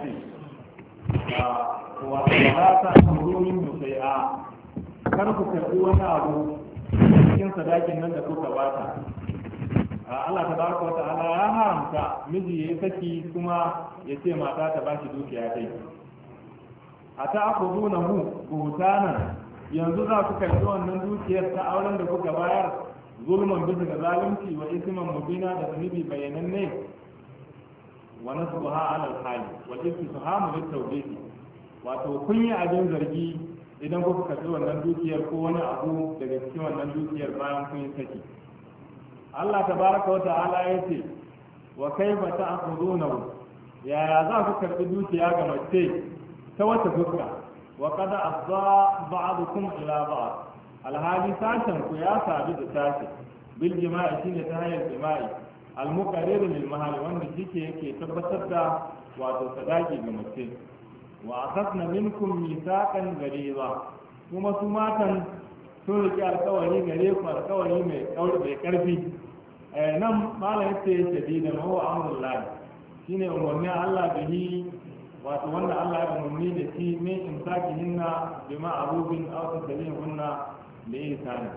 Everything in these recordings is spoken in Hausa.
ce wa za ta amuromin musai'a kar ku karɓi wani abu cikin sadakin nan da kuka bata Allah ta baraka wa ta'ala ya haramta miji ya saki kuma ya ce mata ta ba shi dukiya dai a ta aku na mu buhutanan yanzu za ku karɓi wannan dukiyar ta auren da kuka bayar zulman bisa ga zalunci wa mu mubina da zunubi bayananne wa nasbaha ala al-hali wal istifhamu lit-tawbih wato kun yi abin zargi idan kuka karbi wannan dukiyar ko wani abu daga cikin wannan dukiyar bayan kun yi saki Allah tabaraka wa ta'ala yace wa kaifa ta'khuduna yaya za ku karbi dukiya ga mace ta wata fuska wa qad afza ba'dukum ila ba'd alhali sashen ku ya sabi da sashi bil jima'i shine ta hanyar jima'i al-muqarrir lil mahal wanda jike yake tabbatar da wato sadaki ga mace wa akhadna minkum mithaqan ghaliza kuma su matan sun rike alkawari gare ku alkawari mai kauri mai karfi eh, nan malam yace shadidan huwa amrullah shine umarnin Allah bihi wato wanda Allah ya umarni da shi min imsakihinna bi ma'rufin aw tasdihunna bi ihsan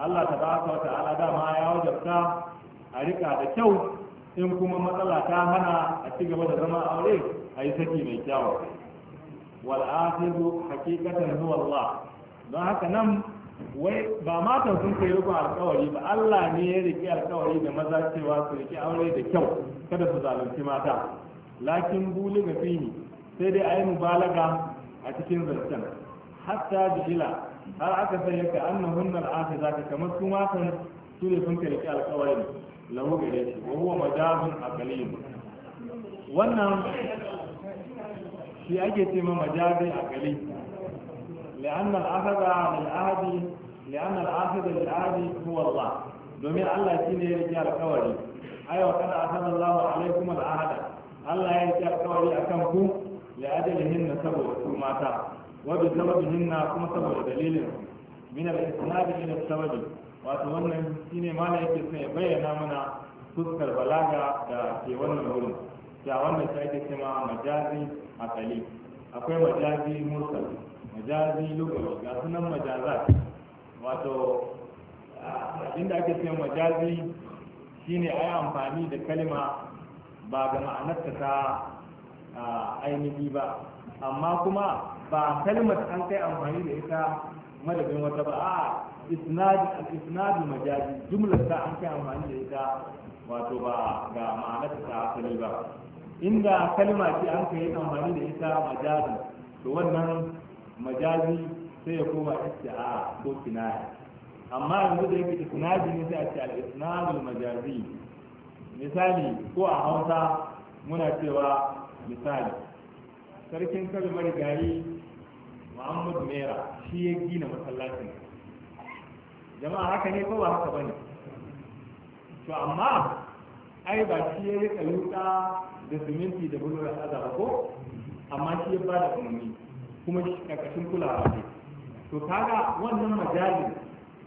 Allah tabaraka wa ta'ala dama ya wajabta a rika da kyau in kuma matsala ta hana a ci gaba da zama aure a yi saki mai kyawu wal akhiru haqiqatan huwa Allah don haka nan wai ba matan sun kai rukun alkawari ba Allah ne ya rike alkawari da maza cewa su rike aure da kyau kada su zalunci mata lakin buli ga fihi sai dai a yi mubalaga a cikin zancen hatta ila har aka sanya ka annahunna al'afi zaka kamar su matan su ne sun kai rike alkawari gare shi wannan shi ake ce ma majazi aqali لأن الأخذ عن العهد لأن الأخذ للعهد هو الله domin Allah shi ne ya rike alkawari ai wa kada asallallahu alaikum al'ahada Allah ya rike alkawari akan ku li ajalihin na saboda su mata wa bi kuma saboda sababi wato wannan shi ne ma yake sai bayyana mana fuskar balaga da ke wannan wurin da wannan shi ake cewa majazi akali akwai majazi mursal majazi lugawi ga sunan majazat wato abinda ake cewa majazi shine ai amfani da kalma ba ga ma'anarta ta ainihi ba amma kuma ba kalmar an kai amfani da ita madadin wata ba a isnad al-isnad majazi jumlar ta an kai amfani da ita wato ba ga ma'anar ta asali ba inda kalma ce an kai amfani da ita majazi to wannan majazi sai ya koma isti'a ko kinaya amma yanzu da yake isnadi ne sai a ce al-isnadul majazi misali ko a Hausa muna cewa misali sarkin kalmar gari Muhammad Mera shi ya gina masallacin jama'a haka ne ko ba haka bane to amma ai ba shi ya rika yuta da siminti da bulurar azaba ko amma shi ya ba da umarni kuma shi karkashin kulawa ne to kaga wannan majalin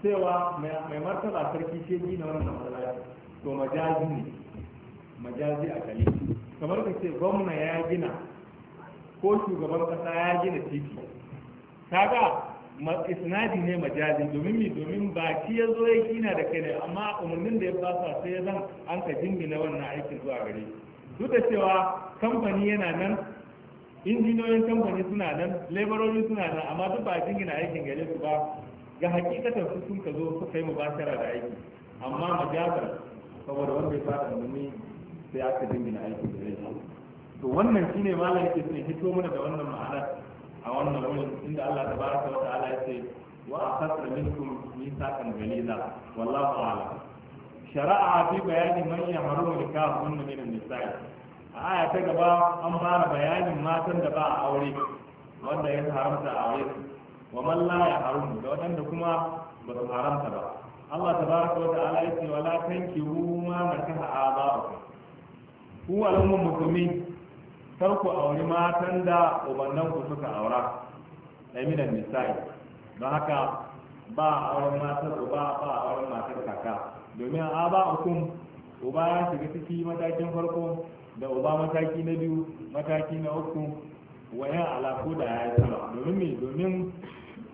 cewa mai martaba sarki ce ji na wannan masallaci to majazi ne majazi a kali kamar ka ce gwamna ya gina ko shugaban kasa ya gina titi kaga isnadi ne majazi domin mi domin ba shi ya zo ya kina da kai ne amma umarnin da ya fasa sai ya zan an ka jingina wannan aikin zuwa gare duk da cewa kamfani yana nan injiniyoyin kamfani suna nan laborori suna nan amma duk ba jingina aikin gare su ba ga hakikatar su sun ka zo suka yi mubashara da aiki amma majazar saboda wanda ya fada umarni sai aka jingina aikin gare shi to wannan shine malam yake sun hito mana da wannan ma'ana a wannan wurin inda Allah ta tabaraka wa ta'ala ya ce wa akhadna minkum mithaqan ghaliza wallahu a'lam shari'a fi bayani man yahrumu nikahun min an-nisa'i a aya ta gaba an fara bayanin matan da ba a aure wanda ya haramta a aure wa man la yahrumu da wadanda kuma ba su haramta ba Allah tabaraka wa ta'ala ya ce wala tankihu ma nakaha aba'ukum ku al'ummul mutumin. karku a wani matan da ubannan ku suka aura ɗaminan misali, don haka ba a auren matar uba ba a auren matar kaka domin a ba hukum uba ya shiga ciki matakin farko da uba mataki na biyu mataki na uku wayan alaku da ya yi sama domin me domin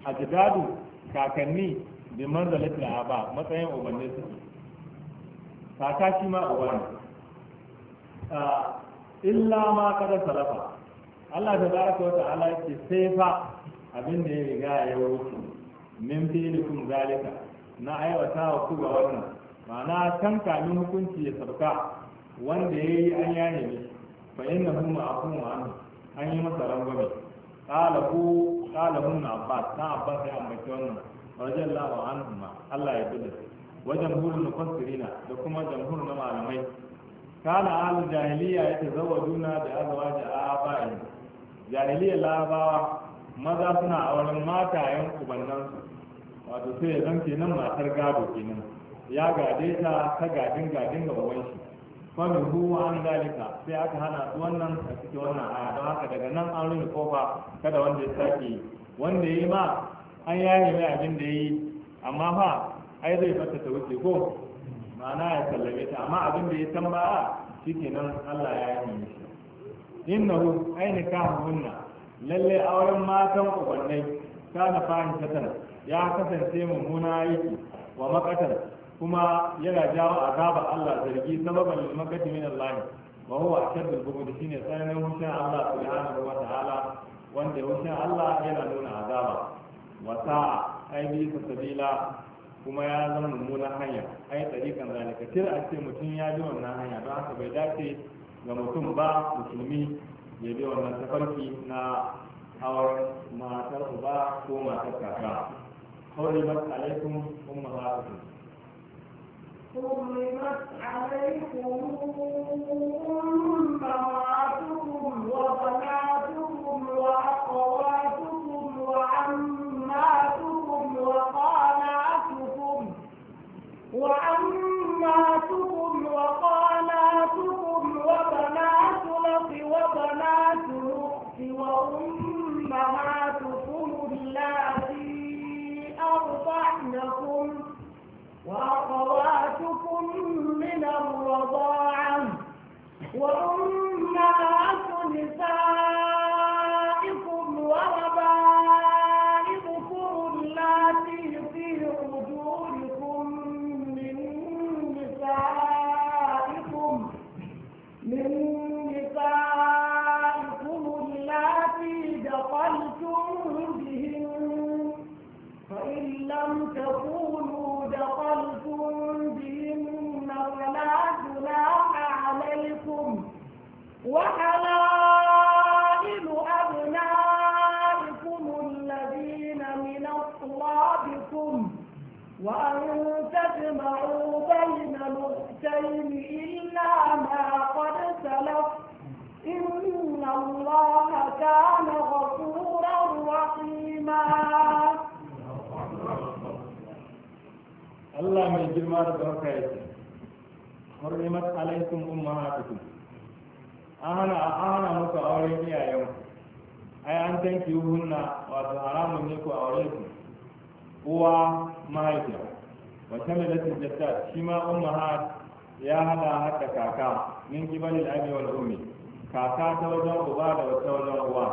a jidadu kakanni bi manzalatul aba matsayin ubanne su kaka shi ma uba ne ah, illa ma kada sarafa Allah ta baraka wa ta'ala yake sai fa abin da ya riga ya wuce min filikum zalika na aiwata wa ku ga wannan ma'ana kan kamin hukunci ya sabka wanda ya yi an yane ne fa inna hum ma'afun wa an an yi masa rangwame qala ku qala hu na abbas ta abbas ya ambaci wannan radiyallahu anhu Allah ya bada wajen hurun mufassirina da kuma jamhurun na malamai kana halin jahiliya ya zawa juna da azawa da abayi jahiliya labawa maza suna auren matayen ubannansu wato sai ya zan nan matar gado kenan ya gade ta ta gadin gadin ga uban shi famin huwa an dalika sai aka hana su wannan a cikin wannan aya don haka daga nan an rufe kofa kada wanda ya sake wanda ya yi ma an yaye mai abin da ya yi amma fa ai zai fata ta wuce ko ma'ana ya sallame ta amma abin da ya san ba shi nan Allah ya yi shi hu aini kahunna lalle auren matan ubannai kana fahimtatan ya kasance mummuna yake wa makatar kuma yana jawo azaba Allah zargi sababan lil makati min Allah wa huwa ashaddu al shi shine tsananin hushin Allah subhanahu wa ta'ala wanda hushin Allah yana nuna azaba wa sa'a ai sabila kuma ya zama mummunan hanya ai tsarikan zalika kir a ce mutum ya bi wannan hanya don haka bai dace ga mutum ba musulmi ya bi wannan tafarki na awar matar uba ko matar kaka alaikum حرمت عليكم أمهاتكم حرمت عليكم أمهاتكم وبناتكم وأخواتكم وأماتكم وقناتكم وبنات لق وبنات لق وأمهاتكم اللاتي أرضعنكم وأخواتكم من الرضاعة وأمهاتكم وأن تجمعوا بين الأختين إلا ما قد سلف إن الله كان غفورا رحيما Allah mai girma da barka yake hurrimat alaikum ummahatukum an hana an hana muku auren iyayen ai an ne ku aure uwa mahaifiya mai tamilatin jaddad shi ma ummahat ya hada hada kaka min kibalil abi wal ummi kaka ta wajen uba da wata wajen uwa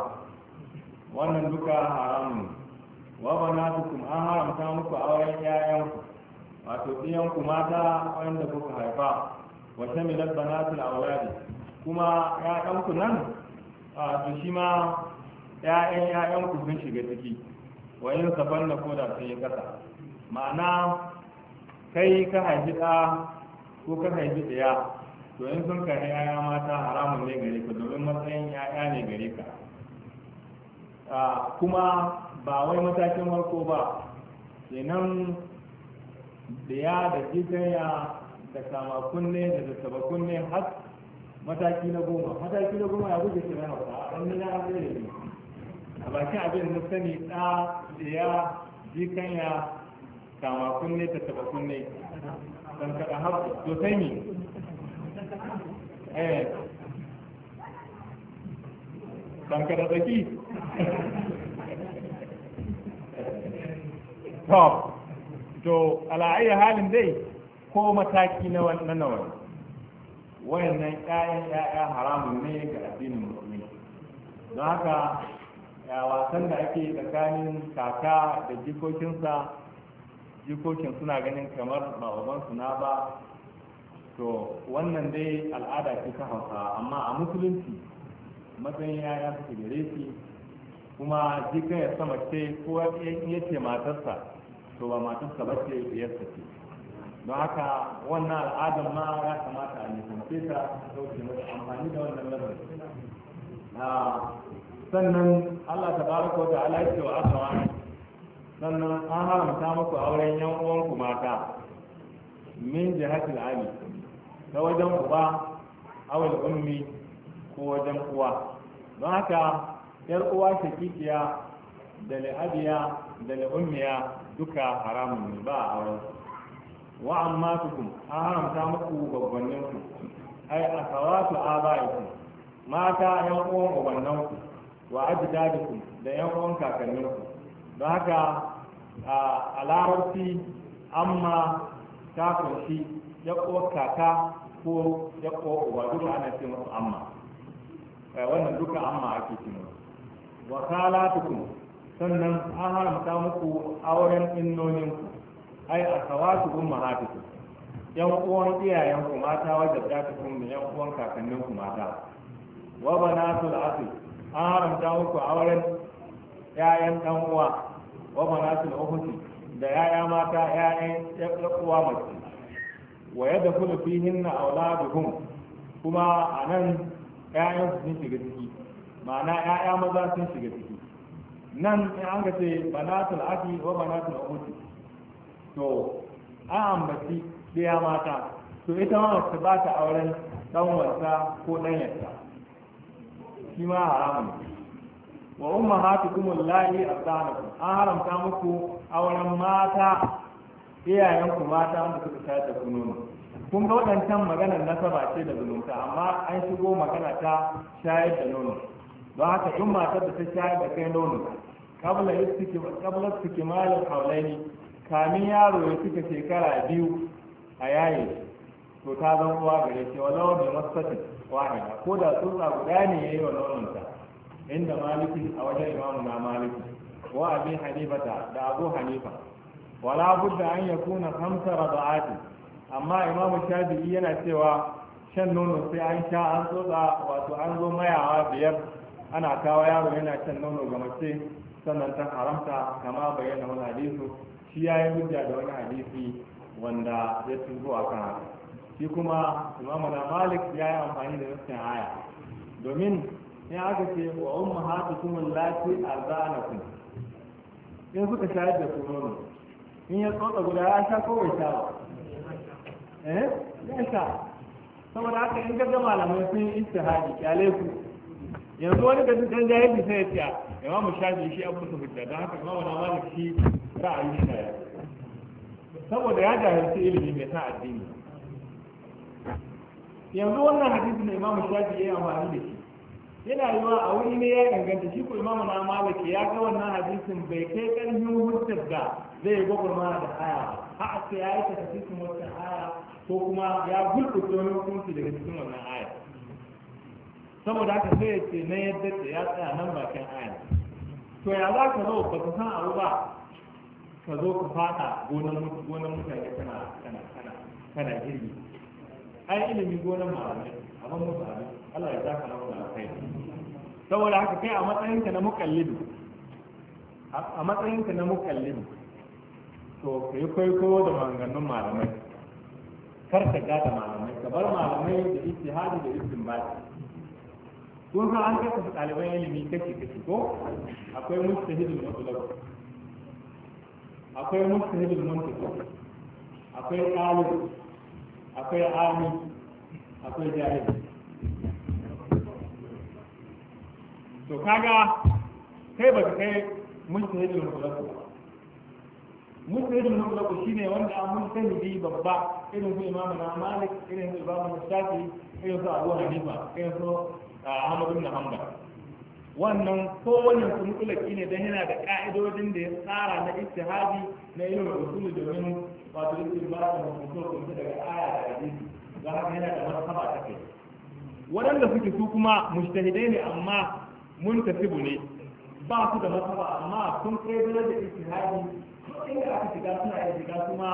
wannan duka haramun wa banatukum an haramta muku auren yayanku wato ku mata wanda kuka haifa wa tamilat banatul awladi kuma ƴaƴanku nan a shi ma ƴaƴan 'ya'yanku sun shiga ciki wa yin saban na koda sun yi kasa ma'ana kai ka haifi ɗa ko ka haifi ɗaya to in sun kai yaya mata haramun ne gare ka domin matsayin yaya ne gare ka kuma ba wai matakin farko ba kenan da ya da jikaya da sama kunne da zattaba kunne har mataki na goma mataki na goma ya buge shirin hausa a ɗan na abin da ne a bakin abin da sani ɗa da jikanya kama kunne ta taba kunne don kada haku to sai ni eh don kada tsaki to to ayi halin dai ko mataki na wannan nawa wayannan ƴaƴan ƴaƴa haramun ne ga addinin musulmi don haka wasan da ake tsakanin kaka da jikokinsa jikokin suna ganin kamar babansu na ba to wannan dai al'ada ce ta hausa amma a musulunci matsayin yaya suke gare shi kuma jikan ya sama ce ko ya ce matarsa to ba matarsa ba ce biyarsa ce don haka wannan al'adar ma ya kamata a nisance ta dauke mata amfani da wannan lamarin ah, sannan Allah ta baraka wa ta'ala ya ce wa aka sannan an haramta muku auren yan uwanku mata min jihatil ali ta wajen uba awal ummi ko wajen uwa don haka yar uwa shakikiya da abiya, da ummiya duka haramun ne ba a auren wa amma tukum an haramta muku babbannin ku ai a sawatu aba'iku mata yan uwan ubannanku wa ajdadukum da yan uwan kakanninku don haka a larabci amma ta kunshi ya kaka ko ya uba duka ana ce musu amma eh, wannan duka amma ake ce masu wa khalatukum sannan an haramta muku auren ku ai a akhawatukum mahatukum yan uwan iyayenku mata wajen ta da yan uwan kakanninku mata wa da akhi an haramta muku auren ya'yan dan uwa wa manasul uhudi da yaya mata ya'yan ƴan uwa mace wa yadkhulu fihinna auladuhum kuma anan ‘ya’yan sun shiga ciki ma'ana ya'ya maza sun shiga ciki nan in an ga ce banatul aki wa banatul uhudi to an ambaci ɗaya mata to ita ma ta ba ta auren dan wasa ko dan shi ma haramun wa ummahatukum lahi ardanakum an haramta muku auren mata iyayenku mata wanda suka shayar da ku kun ga waɗancan maganar nasaba ce da zumunta amma an shigo magana ta shayar da nono don haka in matar da ta shayar da kai nono kabla kabla su kimalin haulaini kamin yaro ya cika shekara biyu a yayi to ta zan uwa gare shi walau da masfatin wahida ko da tsutsa guda ne ya yi wa nononta inda maliki a wajen imamu na maliki wa abi hanifata da abu hanifa wala budda an yakuna khamsa rada'ati amma imamu shafi'i yana cewa shan nono sai an sha an tsotsa wato an zo mayawa biyar ana kawo yaro yana shan nono ga mace sannan ta haramta kama bayyana wani hadisu shi ya yi hujja da wani hadisi wanda ya tuzo a kan haka shi kuma imamu na malik ya yi amfani da nufin aya domin in aka ce wa umma hatu kuma lati arzanakum in suka shayar da su nono in ya tsotsa guda ya sha ko bai sha ba eh ya sha saboda haka in gaga malamai sun yi istihadi kyale ku yanzu wani da dukkan jahilci sai ya ce imamu shafi shi abu su hujja don haka imamu na malik shi ra'ayi shi ya saboda ya jahilci ilimi mai sa addini yanzu wannan hadisi na imamu shafi ya yi amfani da shi yana yiwa a wuri ne ya ganganta shi ko imamu na maliki ya ga wannan hadisin bai kai karfin hujjar da zai mana da aya ba har sai ya yi ta hadisin wata aya ko kuma ya gulbuta wani hukunci daga cikin wannan aya saboda haka sai ya ce na yadda da ya tsaya nan bakin aya to ya za ka zo ba ka san abu ba ka zo ka fada gonan mutane kana kana kana girbi ai ilimi gonan malamai abin mutane Allah ya zaka maka kai saboda haka kai a matsayinka na muqallid a matsayinka na muqallid to kai ko da maganganun malamai kar ka gada malamai ka bar malamai da ijtihadi da istinbati kun ha an kasa ɗaliban ilimi kashi kashi ko akwai mujtahidul mutlaq akwai mujtahidul muntaqi akwai ɗalib akwai ami akwai jahil to kaga kai ba kai mujtahidul mutlaq ba mujtahidul shi shine wanda mun an bi babba irin su imamu na malik irin su imamu shafi irin su abu hanifa irin su ah, ahmadu ibn hanbal wannan ko kowanne su mutlaki ne don yana da ka'idodin da ya tsara na ittihadi na da usulu domin wato ba da mutum daga aya da hadisi ga haka yana da martaba ta kai waɗanda suke su kuma mujtahidai ne amma muntasibu ne ba su da masaba amma sun kai da ijtihadi in Inda aka shiga suna iya shiga kuma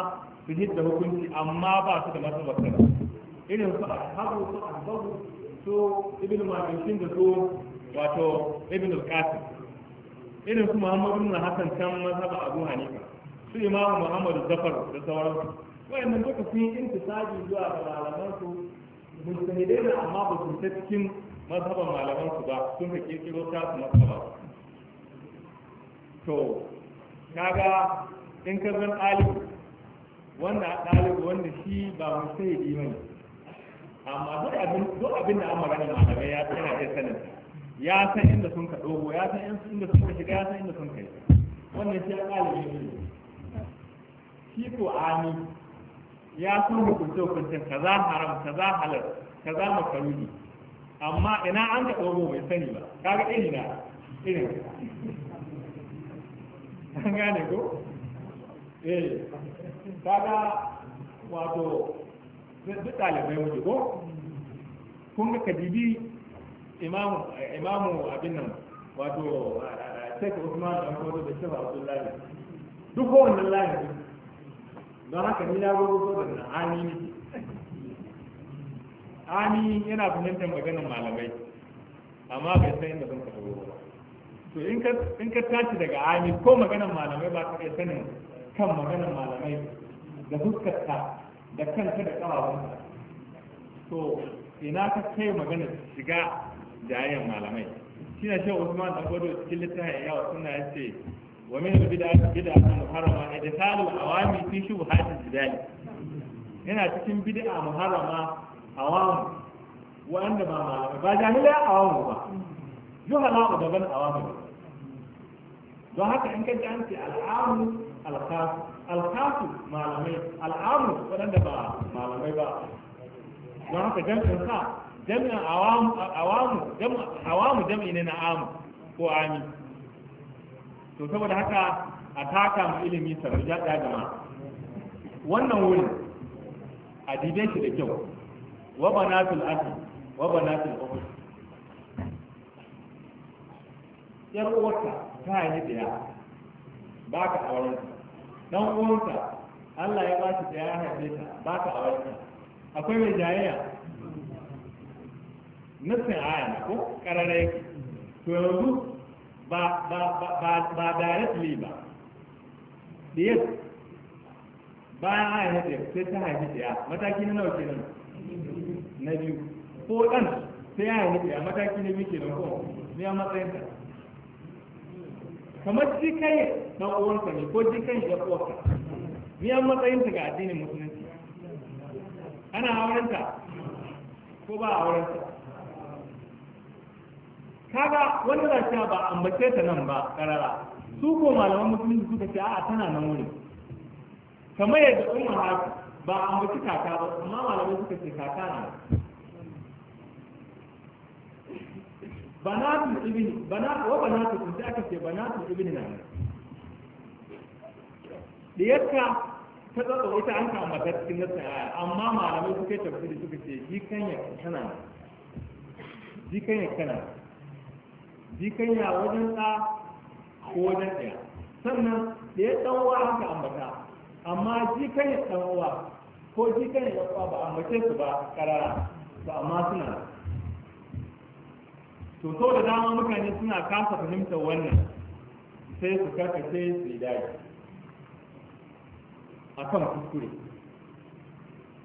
su hidda hukunci amma ba su da masaba sana irin su ashabu su a babu su ibn majishin da su wato ibn al-qasim irin su muhammadu na hasan can mazhaba abu hanifa su imamu muhammadu zafar da sauransu wayannan duka sun yi intisabi zuwa ga malaman su mujtahidai amma ba su ta cikin mazhaban malaman su ba sun ka kirkiro ta su mazhaba to kaga in ka zan ɗalibu wanda ɗalibu wanda shi ba mu sai yi mani amma duk abin duk abin da an magana malamai ya tsaya iya sanin ya san inda sun ka dogo ya san inda sun ka shiga ya san inda sun ka yi wannan shi ɗalibi ne shi to ani ya san hukunce hukuncin kaza haram kaza halal kaza makaruni amma ina an ka ɗogo mai sani ba kaga ina ina an gane ko eh kaga wato duk ɗalibai wuce ko kun ga kadibi imamu imamu abin nan wato sai Usman dan Kodo da Sheikh Abdullahi duk wannan layin don haka ni na gogo da na ani ne ami yana fahimtar maganar malamai amma bai san inda zan ka ba to in ka tashi daga ami ko maganar malamai ba ka iya sanin kan maganar malamai da fuskarta da kanta da ƙawawanka to ina ka kai magana shiga jayayyar malamai shi na usman da godo cikin littafin yawa suna ya ce wa min bid'a bid'a muharrama idhalu awami fi shubhati jidali yana cikin bid'a muharrama awamu wa'anda ba malamai ba jahilai awamu ba juhala daban awamu ba don haka in ka an ce al'amu alkasu alkasu malamai al'amu waɗanda ba malamai ba don haka jam'in sa jam'in awamu awamu jam'i ne na amu ko ami to saboda haka a taka mu ilimi sarar ya jama'a wannan wurin a dibe shi da kyau wa banatul akhi wa banatul ukhti yar uwarka ta yi da ba ka auren dan uwanka Allah ya ba shi ya ta ba ka akwai mai jayayya nufin ko ba ba ba ba directly ba bayan aya ne sai ta haifi da mataki na nawa kenan na biyu ko ɗan sai ya yi a mataki na biyu ke nan ko ne a matsayin kamar jikai na uwanka ne ko jikai da ya ne a matsayin ta ga addinin musulunci ana aurenta ko ba aurenta? ta kaga wanda za shi ba ambace ta nan ba karara su ko malaman musulunci suka ce a'a tana nan wuri kamar yadda umar haka ba an mutu kaka ba amma malamai suka ce kaka ne banatu ibn bana wa banatu kun sai aka ce banatu ibn na da yakka ta tsatsa ita an kama ta cikin nasa aya amma malamai suka tafsiri suka ce jikanya ya kana jikanya ya kana Jikanya wajen ɗa ko wajen ɗaya sannan da ya tsawo aka ambata amma jikan ya ɗan uwa ko jikan ya uwa ba a mace su ba karara ba amma suna to so da dama mutane suna kasa fahimtar wannan sai su sai su yi daji a kan kuskure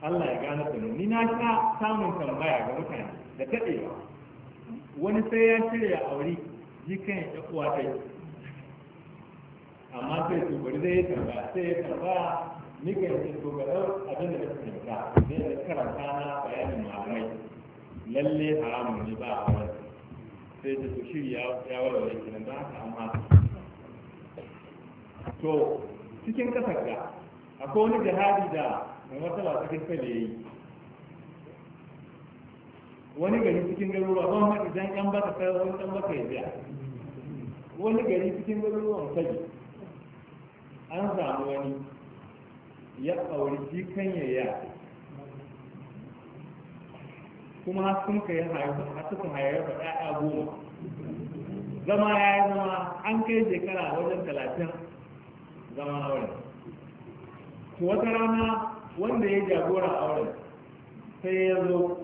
Allah ya gane sanu ni na sha samun tambaya ga mutane da taɗewa wani sai ya shirya a wuri jikan ya ɗan ta yi amma sai su bari zai karba sai ya karba ni ga yake to ga abin da kake da zai da karanta na bayanin malamai lalle haramun ne ba a wani sai da su shiri ya wani kinan da haka amma to cikin kasar da akwai wani jihadi da wata matsala cikin kai yi wani gari cikin garuruwa ban ma idan yan baka kai wani dan baka ya biya wani gari cikin garuruwan kaji an samu wani ya auri jikan ya ya kuma sun kai haihu da ƴaƴa goma zama ya yi zama an kai shekara wajen talatin zama auren to wata rana wanda ya jagora auren sai ya zo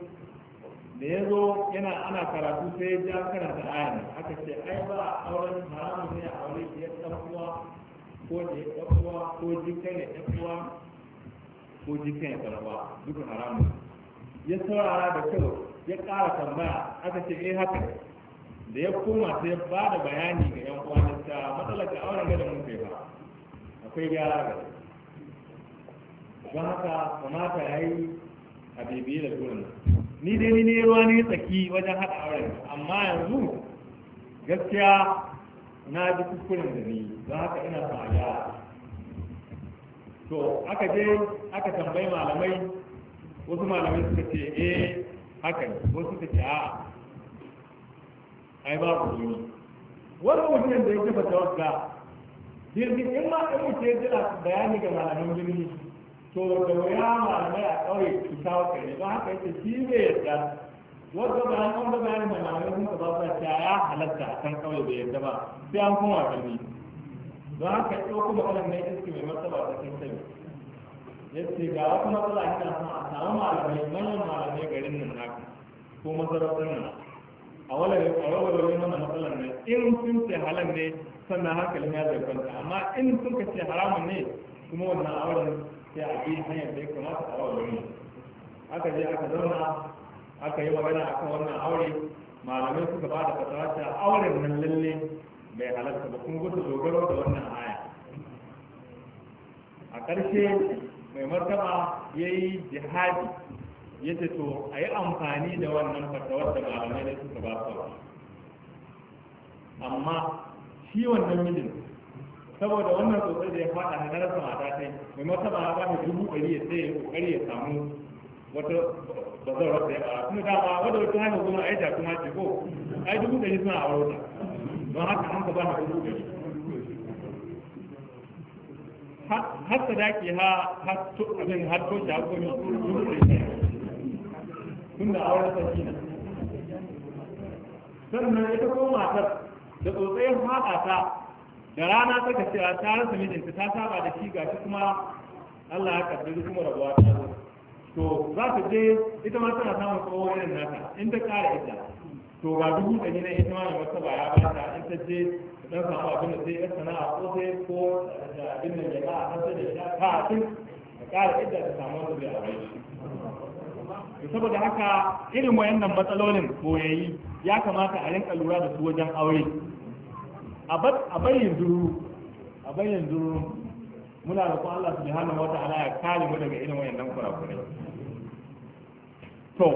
da ya zo yana ana karatu sai ya ja karanta ayan aka ce ai ba auren haramun ne a aure ya ɗan ko da ya ɗafuwa ko jika ya ɗafuwa ko jika ya ɗarwa duka haramun ya saurara da kyau ya ƙara tambaya aka ce eh haka da ya koma sai ya ba da bayani ga yan uwan ta matsalar da auren gada mun kai ba akwai gyara ga don haka kamata ya yi a bibiye da gurin ni dai ni ne ruwa ne tsaki wajen haɗa auren amma yanzu gaskiya na ji kuskuren da ni don haka ina son a to aka je aka tambayi malamai wasu malamai suka ce eh haka ne wasu suka ce a'a ai babu yi wannan mutumin da ya tafa tawagga jirgin in ma in mutum ya jira bayani ga malaman jirgi to da wuya malamai a ƙauye su kawo kai don haka yake shi ne yadda wanda ba an kuma bayanin da malamai sun ba ba ta ya halatta a kan kawai bai yadda ba sai an kuma kalmi don haka ɗauko maganar na iski mai martaba ta kan sani yace ga wata matsala ina son a samu malamai manyan malamai garin nan naka ko masarautar nan a wala a wala mana matsalar nan in sun ce halal ne sannan hankalin ya kwanta, amma in sun ka ce haramun ne kuma wannan auren sai a bi hanyar da ya kamata a wala aka je aka zauna aka yi magana kan wannan aure malamai suka ba da fatawa ta auren nan lalle bai halarta ba kuma gudu dogaro da wannan aya a ƙarshe mai martaba ya yi jihadi ya ce to a yi amfani da wannan fatawar da malamai da suka ba su amma shi wannan mijin saboda wannan sosai da ya faɗa na rasa mata sai mai martaba ya ba dubu ɗari ya sai ya ƙoƙari ya samu wata ba zan rasa ya kuma dama wanda wata hanyar kuma a ita kuma ce ko a yi dubu ɗari suna a wurin don haka an ka ba na dubu ɗari har sadaki ha har abin har toshe har komi dubu ɗari tun da a auren sarki na sannan ita ko matar da tsotsayin haɗa ta da rana ta ka cewa ta rasa mijinta ta saba da shi gashi kuma Allah ya kaddari kuma rabuwa ta zo to za ta je ita ma tana samun tsawon irin nata in ta kara ita to ga dubu ɗari na ita ma da wata ba ya bata in ta je ta dan samu abin da zai yi sana'a ko sai ko da abin da ya ba a san da ita ta tun ta kara ita ta samu wanda zai aure shi saboda haka irin wayannan matsalolin koyayi ya kamata a rinka lura da su wajen aure a bayin duru a bayin duru muna da kuma Allah subhanahu wa ta'ala ya kare mu daga irin wayannan kurakurai to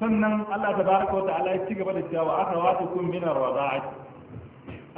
sannan Allah tabaraka wa ta'ala ya ci gaba da cewa aka wata kun min ar-rada'ati